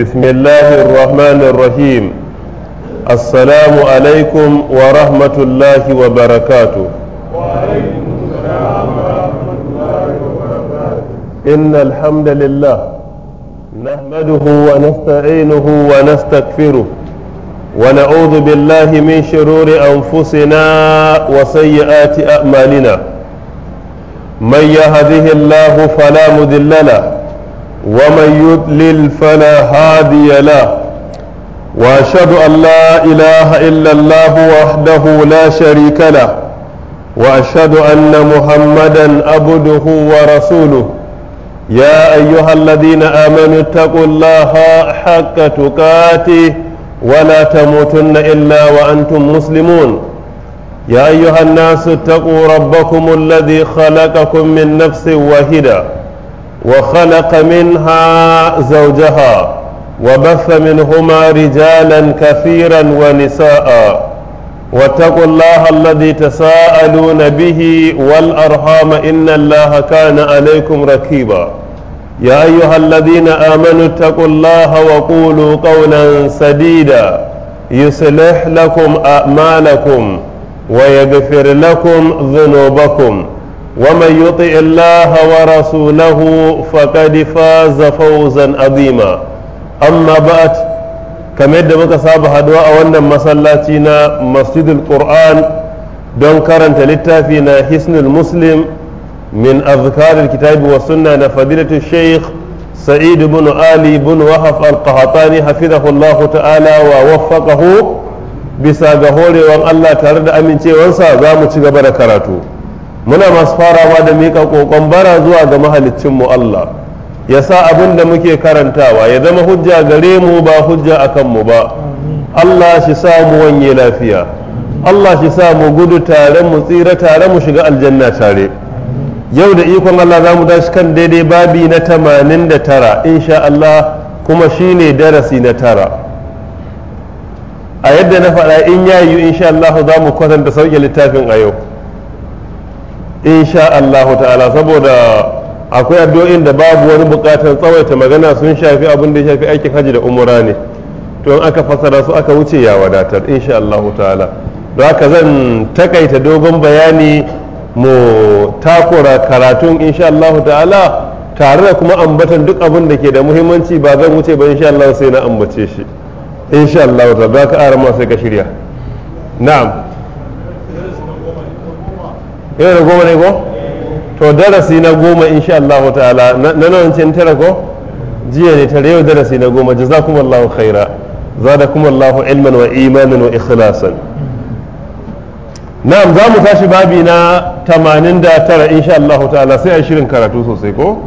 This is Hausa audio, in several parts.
بسم الله الرحمن الرحيم السلام عليكم ورحمة الله وبركاته وعليكم السلام ورحمة الله وبركاته إن الحمد لله نحمده ونستعينه ونستغفره ونعوذ بالله من شرور أنفسنا وسيئات أعمالنا من يهده الله فلا مذل له ومن يضلل فلا هادي له واشهد ان لا اله الا الله وحده لا شريك له واشهد ان محمدا عبده ورسوله يا ايها الذين امنوا اتقوا الله حق تقاته ولا تموتن الا وانتم مسلمون يا ايها الناس اتقوا ربكم الذي خلقكم من نفس واحده وخلق منها زوجها وبث منهما رجالا كثيرا ونساء واتقوا الله الذي تساءلون به والأرحام إن الله كان عليكم ركيبا يا أيها الذين آمنوا اتقوا الله وقولوا قولا سديدا يصلح لكم أعمالكم ويغفر لكم ذنوبكم ومن يطع الله ورسوله فقد فاز فوزا عظيما أما بعد كما يدبك صاب هدواء وانا مسلاتنا مسجد القرآن دون كرنت للتافينا حسن المسلم من أذكار الكتاب والسنة نفذلة الشيخ سعيد بن علي بن وهف القهطاني حفظه الله تعالى ووفقه بساقه لوان الله ترد أمين تيوانسا زامو تيغبر كراتو muna masu farawa da mika ƙoƙon bara zuwa ga mu Allah ya sa abin da muke karantawa ya zama hujja gare mu ba hujja a kanmu ba Allah shi sa mu wanye lafiya Allah shi sa mu gudu tare mu tsira tare mu shiga aljanna tare yau da ikon Allah za mu tashi kan daidai babi na tamanin da tara insha Allah kuma shine darasi na tara a yadda na faɗa in yayu insha Allah za mu kwatanta sauke littafin a yau insha Allah ta'ala saboda akwai addu'o'in da babu wani buƙatar tsawaita magana sun shafi abin da ya shafi aikin haji da umura ne to in aka fassara su aka wuce ya wadatar insha Allah ta'ala don haka zan takaita dogon bayani mu takura karatun insha Allah ta'ala tare da kuma ambatan duk abin da ke da muhimmanci ba zan wuce ba insha Allah sai na ambace shi insha Allah ta'ala ka arama sai ka shirya na'am yau da goma ne ko to darasi na goma insha Allah ta'ala na nan cin tara ko jiya ne tare yau darasi na goma jaza kuma jazakumullahu khaira kuma zadakumullahu ilman wa imanan wa ikhlasan na'am za mu tashi babi na 89 insha Allah ta'ala sai a shirin karatu sosai ko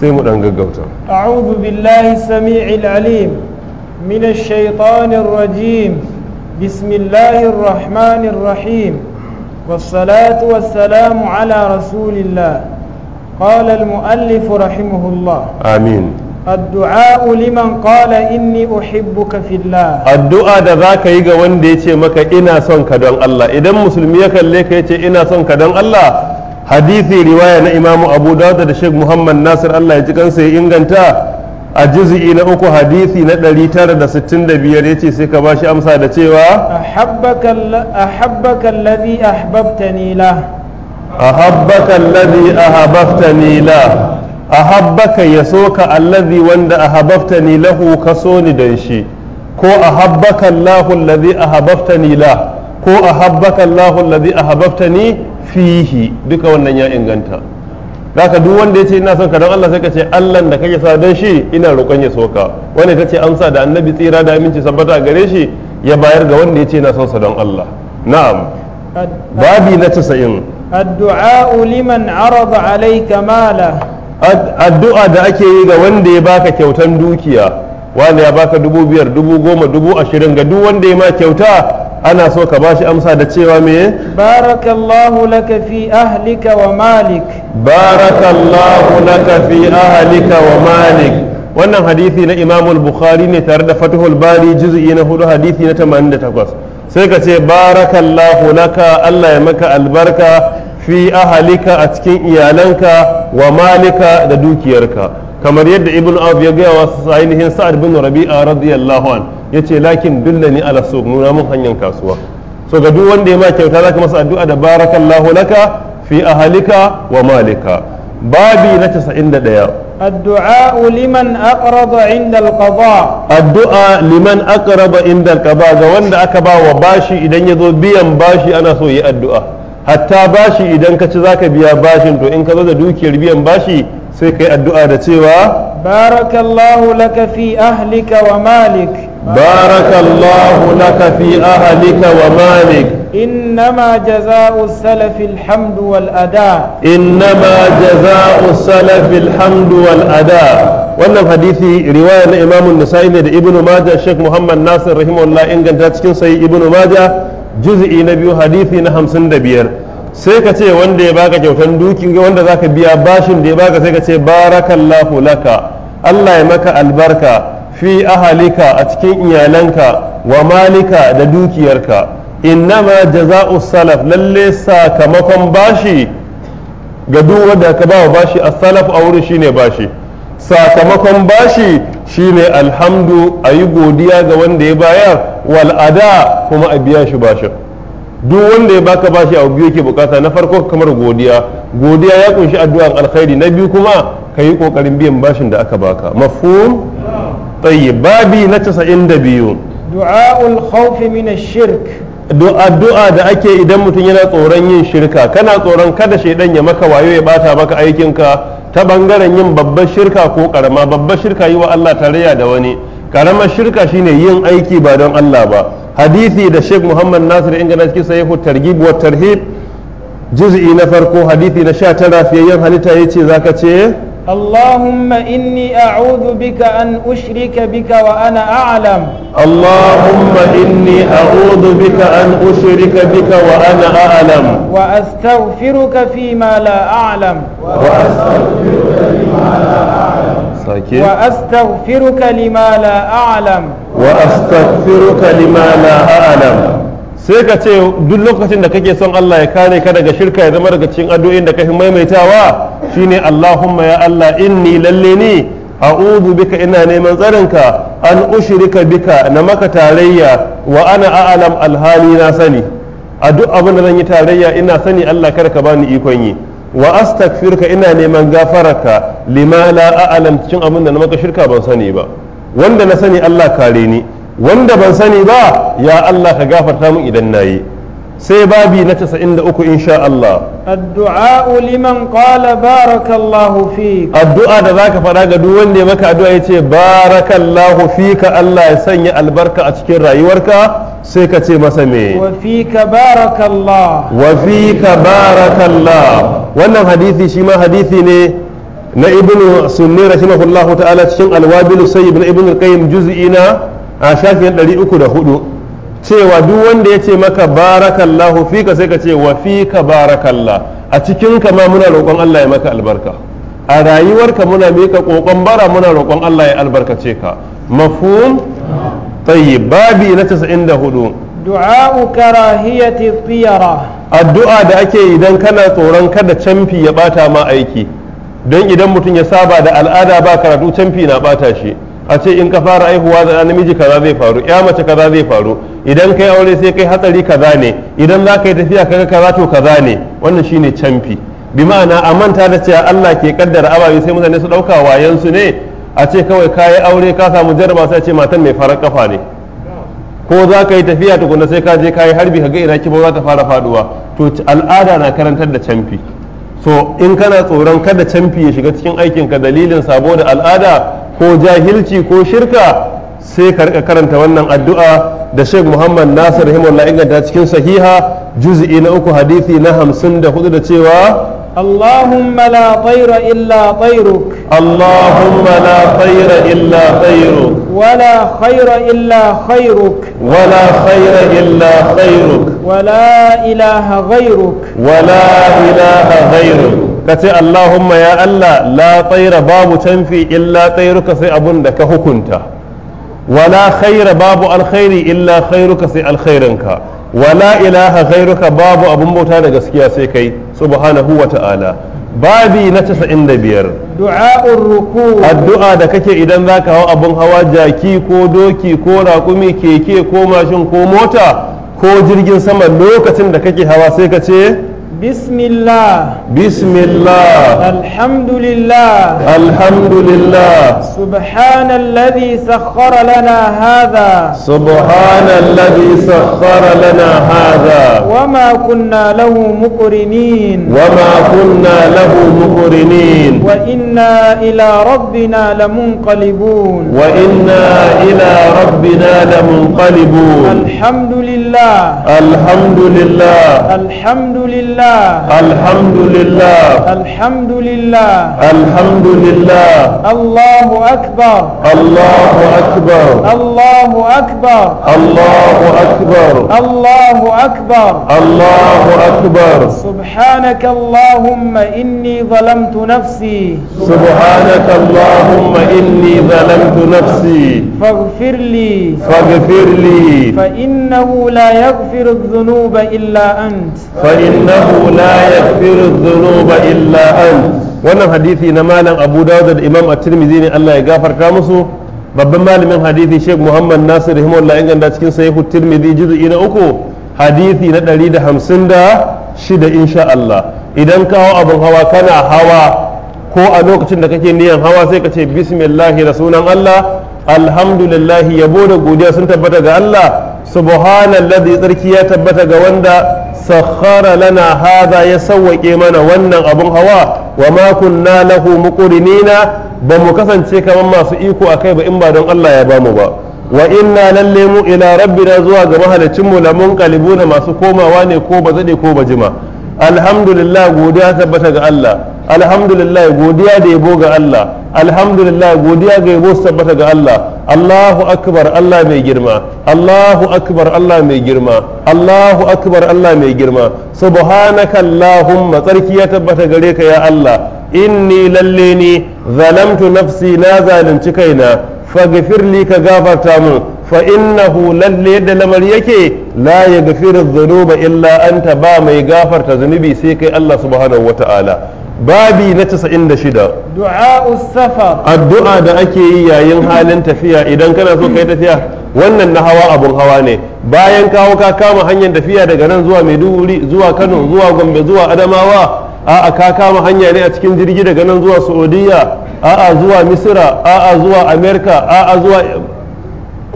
sai mu dan gaggauta a'udhu billahi samii'il alim minash shaitanir rajim bismillahir rahmanir rahim والصلاة والسلام ala rasulillah, الله قال المؤلف رحمه الله آمين الدعاء لمن قال إني أحبك في الله الدعاء da zaka yi ga wanda ya ce maka ina son ka don Allah idan musulmi ya kalle ka ce ina son ka don Allah hadisi riwaya na Imam Abu da Sheikh Muhammad Nasir Allah ya ya inganta a juz'i na uku hadisi na 965 ce sai ka ba shi amsa da cewa a ahabbaka ahabbaka alladhi ahbabtani la ahabbaka alladhi ahbabtani la ahabbaka yasoka alladhi wanda a ahbabtani lahu so ni don shi ko a ahabbaka Allahu alladhi ahbabtani la ko a lahun ahabbaka a alladhi ni fihi duka wannan ya inganta zaka duk wanda ya ce ina son ka don Allah sai ka ce Allah da kake sa don shi ina roƙon ya soka wanda ta ce an sa da annabi tsira da aminci sabbata a gare shi ya bayar ga wanda ya ce ina son sa don Allah na'am babi na 90 addu'a liman arada alayka mala addu'a da ake yi ga wanda ya baka kyautan dukiya wanda ya baka dubu biyar dubu goma dubu ashirin ga duk wanda ya ma kyauta ana so ka bashi amsa da cewa meye barakallahu laka fi ahlika wa malik barakallahu laka fi ahlika wa malik wannan hadisi na imam bukhari ne tare da fatihul bari juz'i na hudu hadisi na 88 sai ka ce barakallahu laka Allah ya maka albarka fi ahalika a cikin iyalanka wa malika da dukiyarka kamar yadda ibn auf ya gaya wa ainihin sa'ad bin rabi'a radiyallahu an yace lakin dullani ala suq nuna mun hanyar kasuwa so ga duk wanda ya ma kyauta zaka masa addu'a da barakallahu laka fi ahlika wa malika babi na 91 Addu'a لمن أقرض عند القضاء Addu'a liman أقرض عند القضاء ga wanda aka ba wa bashi idan ya zo biyan bashi ana so yi addu'a hatta bashi idan ka ci zaka biya bashin to in ka zo da dukiyar biyan bashi sai yi addu'a da cewa barakallahu laka fi ahlika wa malik barakallahu laka fi ahlika wa malik إنما جزاء السلف الحمد والأداء إنما جزاء السلف الحمد والأداء wannan hadisi riwaya na Imam an ne da Ibn maja Sheikh Muhammad Nasir rahimahullah inganta cikin sai Ibn Majah juz'i na biyu hadisi na hamsin da biyar. sai ka ce wanda ya baka kyautan duki wanda za ka biya bashin da ya baka sai ka ce barakallahu laka Allah ya maka albarka fi ahalika a cikin iyalanka wa malika da dukiyarka ma jaza'u salaf lalle sakamakon bashi ga duk wanda ka bawa bashi as-salaf a wurin shine bashi sakamakon bashi shine alhamdu ayi godiya ga wanda ya bayar wal ada kuma a biya shi bashin duk wanda ya baka bashi a biyu yake bukata na farko kamar godiya godiya ya kunshi addu'an alkhairi na biyu kuma ka yi kokarin biyan bashin da aka baka mafhum tayyib babi na 92 du'aul khawf min ash-shirk du'a da ake idan mutum yana tsoron yin shirka kana tsoron kada shaidan ya maka wayo ya bata maka aikinka ta bangaren yin babbar shirka ko karama babbar shirka yi wa Allah tarayya da wani karamar shirka shine yin aiki ba don Allah ba hadisi da Sheikh Muhammad Nasir ingana cikin sahihu targhib wa tarhib juz'i na farko hadisi na 19 fiyayyen halitta yace zaka ce اللهم إني أعوذ بك أن أشرك بك وأنا أعلم اللهم إني أعوذ بك أن أشرك بك وأنا أعلم وأستغفرك فيما لا أعلم وأستغفرك فيما لا أعلم take wa astaghfiruka lima la a'lam wa astaghfiruka lima la a'lam sai ka ce duk lokacin da kake son Allah ya kare ka daga shirka ya zama daga cikin addu'o'in da kafin maimaitawa shine Allahumma ya Allah inni lalle ni a'udhu bika ina neman tsarinka an ushirika bika na maka tarayya wa ana a'lam alhali na sani a duk abin da zan yi tarayya ina sani Allah kada ka bani ikon yi wa astaghfiruka ina neman gafararka lima la a'lam cikin abin da na maka shirka ban sani ba wanda na sani Allah kare ni wanda ban sani ba ya Allah ka gafarta mun idan nayi sai babi na 93 insha Allah addu'a liman qala barakallahu fik addu'a da zaka fara ga duk wanda ya maka addu'a yace barakallahu fika Allah ya sanya albarka a cikin rayuwarka sai ka ce masa me wa fika barakallah wa fika barakallah wannan hadisi shi ma hadisi ne na ibnu sunni rahimahullahu ta'ala cikin alwabilu sai ibn ibn al-qayyim juz'i na a shafin 304 cewa duk wanda ya ce maka barakallahu fika sai ka ce wa fika barakallah a cikin ka ma muna roƙon Allah ya maka albarka a rayuwarka muna mika kokon bara muna roƙon Allah ya albarkace ka mafhum tayyib babi na 94 du'a karahiyati tiyara addu'a da ake yi idan kana tsoron kada camfi ya bata ma aiki don idan mutum ya saba da al'ada ba karatu camfi na bata shi a ce in ka fara aihuwa da namiji kaza zai faru ya mace kaza zai faru idan kai aure sai kai hatsari kaza ne idan za ka yi tafiya kaga kaza to kaza ne wannan shine camfi bi ma'ana a manta da cewa Allah ke kaddara ababe sai mutane su dauka wayansu ne a ce kawai kayi aure ka samu jarraba sai a ce matan mai farar kafa ne ko za ka yi tafiya tukuna sai ka je ka yi harbi ka ga ina kibo za ta fara faduwa to al'ada na karantar da camfi so in kana tsoron kada camfi ya shiga cikin aikin ka dalilin sabo da al'ada ko jahilci ko shirka sai ka rika karanta wannan addu'a da Sheikh Muhammad Nasir rahimahullah inganta cikin sahiha juz'i na uku hadisi na hamsin da hudu da cewa Allahumma لا طير illa طيرك Allahumma لا طير illa طيرك ولا خير إلا خيرك ولا خير إلا خيرك ولا إله غيرك ولا إله غيرك كتي اللهم يا الله لا طير باب تنفي إلا طيرك في أبن دك هكنت ولا خير باب الخير إلا خيرك في الخيرنك ولا إله غيرك باب أبن بوتا دك سكيا سيكي سبحانه وتعالى babi na casa'in da biyar du'a'ur ruku addu'a da kake idan za ka hau abin hawa jaki ko doki ko raƙumi keke ko mashin ko mota ko jirgin sama lokacin da kake hawa sai ka ce بسم الله بسم الله الحمد لله الحمد لله سبحان الذي سخر لنا هذا سبحان الذي سخر لنا هذا وما كنا له مقرنين وما كنا له مقرنين وإنا إلى ربنا لمنقلبون وإنا إلى ربنا لمنقلبون الحمد لله الحمد لله الحمد لله لله الحمد لله الحمد لله الحمد لله الله أكبر الله أكبر الله أكبر الله أكبر الله أكبر الله أكبر سبحانك اللهم إني ظلمت نفسي سبحانك اللهم إني ظلمت نفسي فاغفر لي فاغفر لي فإنه لا يغفر الذنوب إلا أنت فإنه innahu la yaghfiru dhunuba illa an wannan hadisi na malam Abu Dawud da Imam At-Tirmidhi ne Allah ya gafarta musu babban malamin hadisi Sheikh Muhammad Nasir rahimahullah inganta cikin sahihu Tirmidhi juz'i na uku hadisi na 156 insha Allah idan kawo abun hawa kana hawa ko a lokacin da kake niyan hawa sai ka ce bismillahi da sunan Allah alhamdulillahi yabo da godiya sun tabbata ga Allah ladi tsarki ya tabbata ga wanda sakhara lana haza ya sawwake mana wannan abun hawa wa ma kunna lahu muqrinina ba mu kasance kamar masu iko akai ba in ba don Allah ya bamu ba wa inna lalle mu ila rabbina zuwa ga mahalicin mu la munqalibuna masu komawa ne ko ba zade ko ba jima alhamdulillah godiya tabbata ga Allah alhamdulillah godiya da yabo ga Allah alhamdulillah godiya ga yabo tabbata ga Allah Allahu akbar Allah mai girma Allahu akbar Allah mai girma Allahu akbar Allah mai girma subhanaka Allahumma tsarki ya tabbata gare ka ya Allah inni lalle ni zalamtu nafsi na zalunci kaina faghfir ka gafarta min fa innahu lalle da lamar yake la yaghfiru dhunuba illa anta ba mai gafarta zunubi sai kai Allah subhanahu ta'ala babi na 96 du'a ustafa. addu'a da ake yi yayin halin tafiya idan kana so kai tafiya wannan na hawa abun hawa ne bayan kawo ka kama hanyar tafiya daga nan zuwa Maiduguri zuwa Kano zuwa Gombe zuwa Adamawa a'a ka kama hanya ne a cikin jirgi daga nan zuwa Saudiya a'a zuwa Misira a'a zuwa Amerika a'a zuwa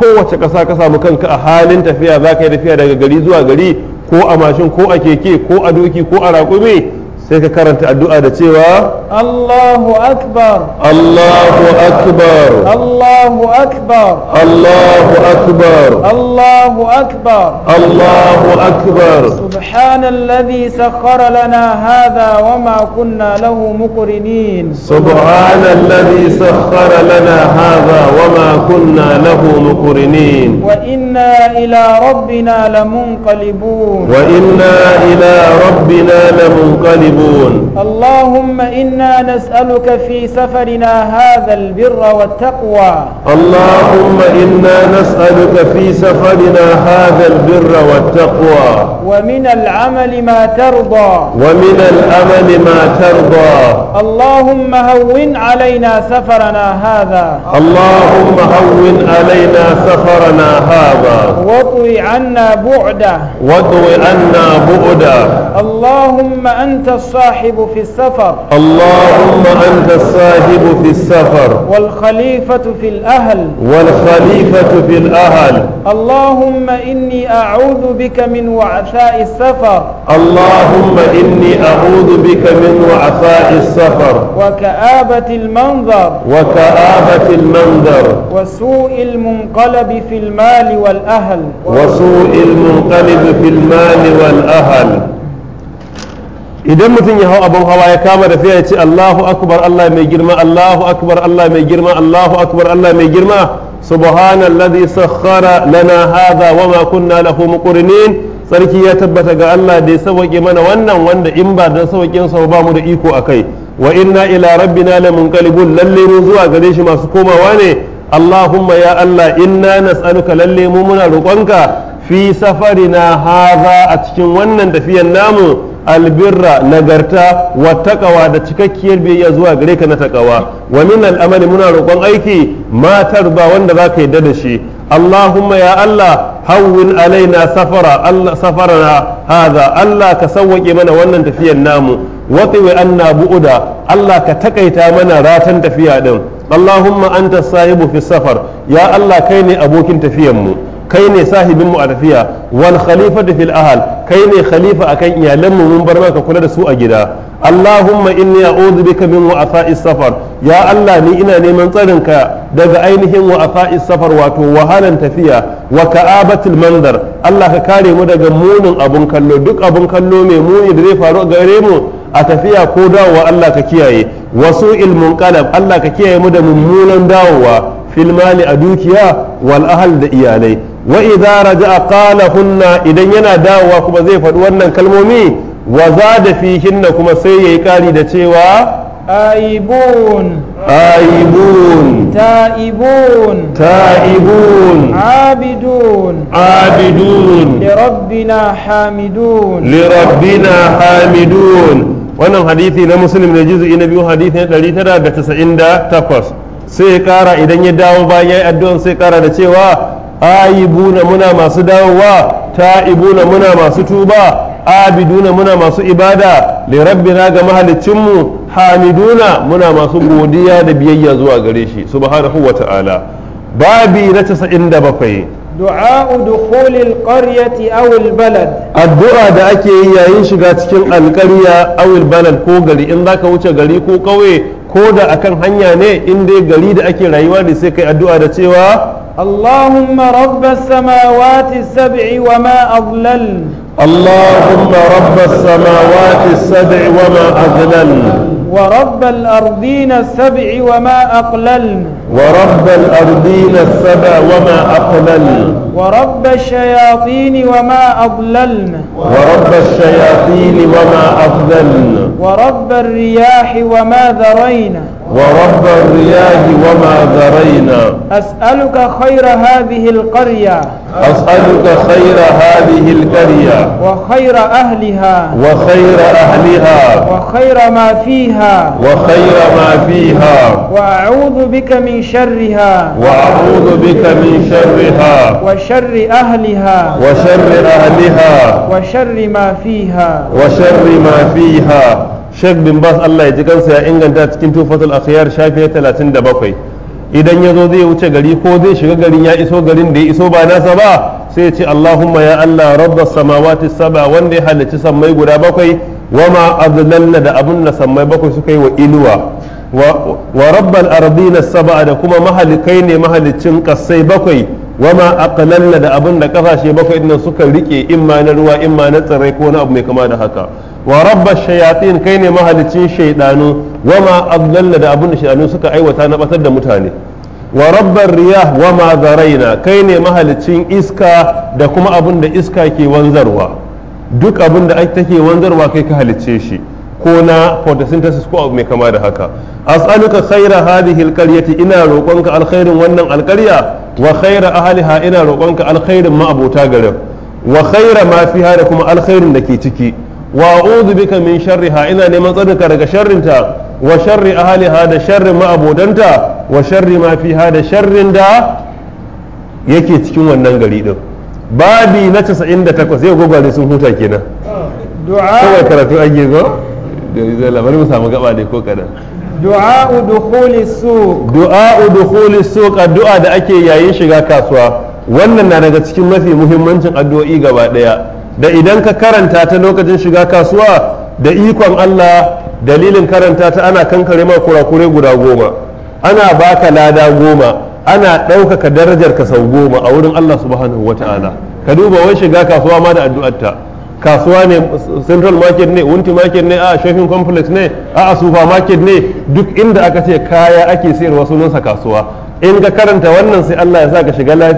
kowace ƙasa ka samu kanka a halin tafiya za ka yi tafiya daga gari zuwa gari ko a mashin ko a keke ko a doki ko a raƙumi sai ka karanta addu'a da cewa Allahu akbar Allahu akbar Allahu akbar Allahu akbar Allahu akbar Allahu akbar subhanalladhi sakhkhara lana hadha wama kunna lahu muqrinin subhanalladhi sakhkhara lana hadha wama kunna lahu muqrinin wa inna ila rabbina lamunqalibun wa inna ila rabbina lamunqalibun يشركون اللهم إنا نسألك في سفرنا هذا البر والتقوى اللهم إنا نسألك في سفرنا هذا البر والتقوى ومن العمل ما ترضى ومن العمل ما ترضى اللهم هون علينا سفرنا هذا اللهم هون علينا سفرنا هذا واطوي عنا بعده واطوي عنا بعده اللهم أنت الصاحب في السفر اللهم أنت الصاحب في السفر والخليفة في الأهل والخليفة في الأهل اللهم إني أعوذ بك من وعثاء السفر اللهم إني أعوذ بك من وعثاء السفر وكآبة المنظر وكآبة المنظر وسوء المنقلب في المال والأهل وسوء المنقلب في المال والأهل idan mutum ya hau abin hawa ya kama da fiya ya ce Allahu akbar Allah mai girma Allahu akbar Allah mai girma Allahu akbar Allah mai girma subhanalladhi sakhara lana hadha wama kunna lahu muqrinin sarki ya tabbata ga Allah da ya sauke mana wannan wanda in ba dan saukin sa ba mu da iko akai wa inna ila rabbina lamunqalibun lalle mu zuwa gare shi masu komawa ne Allahumma ya Allah inna nas'aluka lalle mu muna roƙonka fi safarina hadha a cikin wannan tafiyar namu albirra nagarta wa taqwa da cikakkiyar biyayya zuwa gare ka na takawa wa min al'amali muna roƙon aiki matar ba wanda za ka yi da shi allahumma ya allah hawwin alaina safara allah safarana hadha allah ka sawwake mana wannan tafiyar namu wa tiwi anna bu'uda allah ka takaita mana ratan tafiya din allahumma anta sahibu fi safar ya allah kai ne abokin tafiyar mu kai ne sahibin mu a tafiya wal khalifatu fil ahal kai ne khalifa akan iyalanmu mun bar maka kula da su a gida Allahumma inni a'udhu bika min wa'afa'is safar ya Allah ni ina neman tsarinka daga ainihin wa'afa'is safar wato wahalan tafiya wa ka'abatil mandar Allah ka kare mu daga munin abun kallo duk abun kallo mai muni da zai faru gare mu a tafiya ko dawowa Allah ka kiyaye wasu ilmun qalab Allah ka kiyaye mu da mummunan dawowa fil mali a dukiya wal da iyalai wa idza raja'a qala hunna idan yana dawowa kuma zai faɗi wannan kalmomi wa zada fihinna kuma sai yayi ƙari da cewa aibun aibun ta'ibun ta'ibun abidun abidun lirabbina hamidun lirabbina hamidun wannan hadisi na muslim ne juz'i na biyu hadisi na 998 sai ya kara idan ya dawo bayan addu'an sai kara da cewa ayibuna muna masu dawowa ta'ibuna muna masu tuba abiduna muna masu ibada li rabbina ga mahaliccinmu hamiduna muna masu godiya da biyayya zuwa gare shi subhanahu wa ta'ala babi na 97 du'a dukhulil qaryati aw al balad addu'a da ake yi yayin shiga cikin alqarya aw al balad ko gari in zaka wuce gari ko kauye ko da akan hanya ne in dai gari da ake rayuwa ne sai kai addu'a da cewa اللهم رب السماوات السبع وما أضلل اللهم رب السماوات السبع وما أضلل ورب الأرضين السبع وما أقلل ورب الأرضين السبع وما أقلل ورب الشياطين وما أضللن ورب الشياطين وما أضللن ورب الرياح وما ذرينا ورب الرياح وما ذرينا أسألك خير هذه القرية أسألك خير هذه القرية وخير أهلها وخير أهلها وخير ما فيها وخير ما فيها وأعوذ بك من شرها وأعوذ بك من شرها وشر أهلها وشر أهلها وشر ما فيها وشر ما فيها Sheikh bin Bas Allah ya ji kansa ya inganta cikin Tufatul talatin da bakwai idan ya zo zai wuce gari ko zai shiga garin ya iso garin da ya iso ba nasa ba sai ya ce Allahumma ya Allah rabbas samawati saba wanda ya halicci sammai guda bakwai wama azlalna da abun da sammai bakwai suka yi wa inuwa wa rabbal ardina saba da kuma mahalikai ne mahalicin kasai bakwai wama aqlalna da abun da kafashe bakwai din suka rike imma na ruwa imma na tsirrai ko na abu mai kama da haka wa rabba shayatin kai ne mahalicin wa ma abdalla da abun da suka aiwata na batar da mutane wa rabbar riyah ma zaraina kai ne mahalicin iska da kuma abun da iska ke wanzarwa duk abun da take wanzarwa kai ka halicce shi ko na photosynthesis ko abu mai kama da haka as'aluka khaira hadhihi alqaryati ina roƙonka alkhairin wannan alqarya wa khaira ahliha ina roƙonka alkhairin ma'abota garin wa khaira ma fiha da kuma alkhairin da ke ciki wa a'udhu bika min sharriha ina neman ka daga sharrinta wa sharri ahliha da sharrin ma'abodanta wa sharri ma fiha da sharrin da yake cikin wannan gari din babi na 98 yau gwagware sun huta kenan du'a kawai karatu ake go da zai labari mu samu gaba ne ko kadan du'a udkhuli suq du'a udkhuli suq addu'a da ake yayin shiga kasuwa wannan na daga cikin mafi muhimmancin addu'o'i gaba daya da idan ka karanta ta lokacin shiga kasuwa da ikon Allah dalilin karanta ta ana kankare ma kurakure guda goma ana baka lada goma ana ɗaukaka darajar ka sau goma a wurin Allah subhanahu wa ta'ala ka duba wai shiga kasuwa ma da addu'arta kasuwa ne central market ne wunti market ne a shopping complex ne a supermarket ne duk inda aka ce kaya ake sayarwa sunansa kasuwa in ka karanta wannan sai Allah ya sa ka shiga lafiya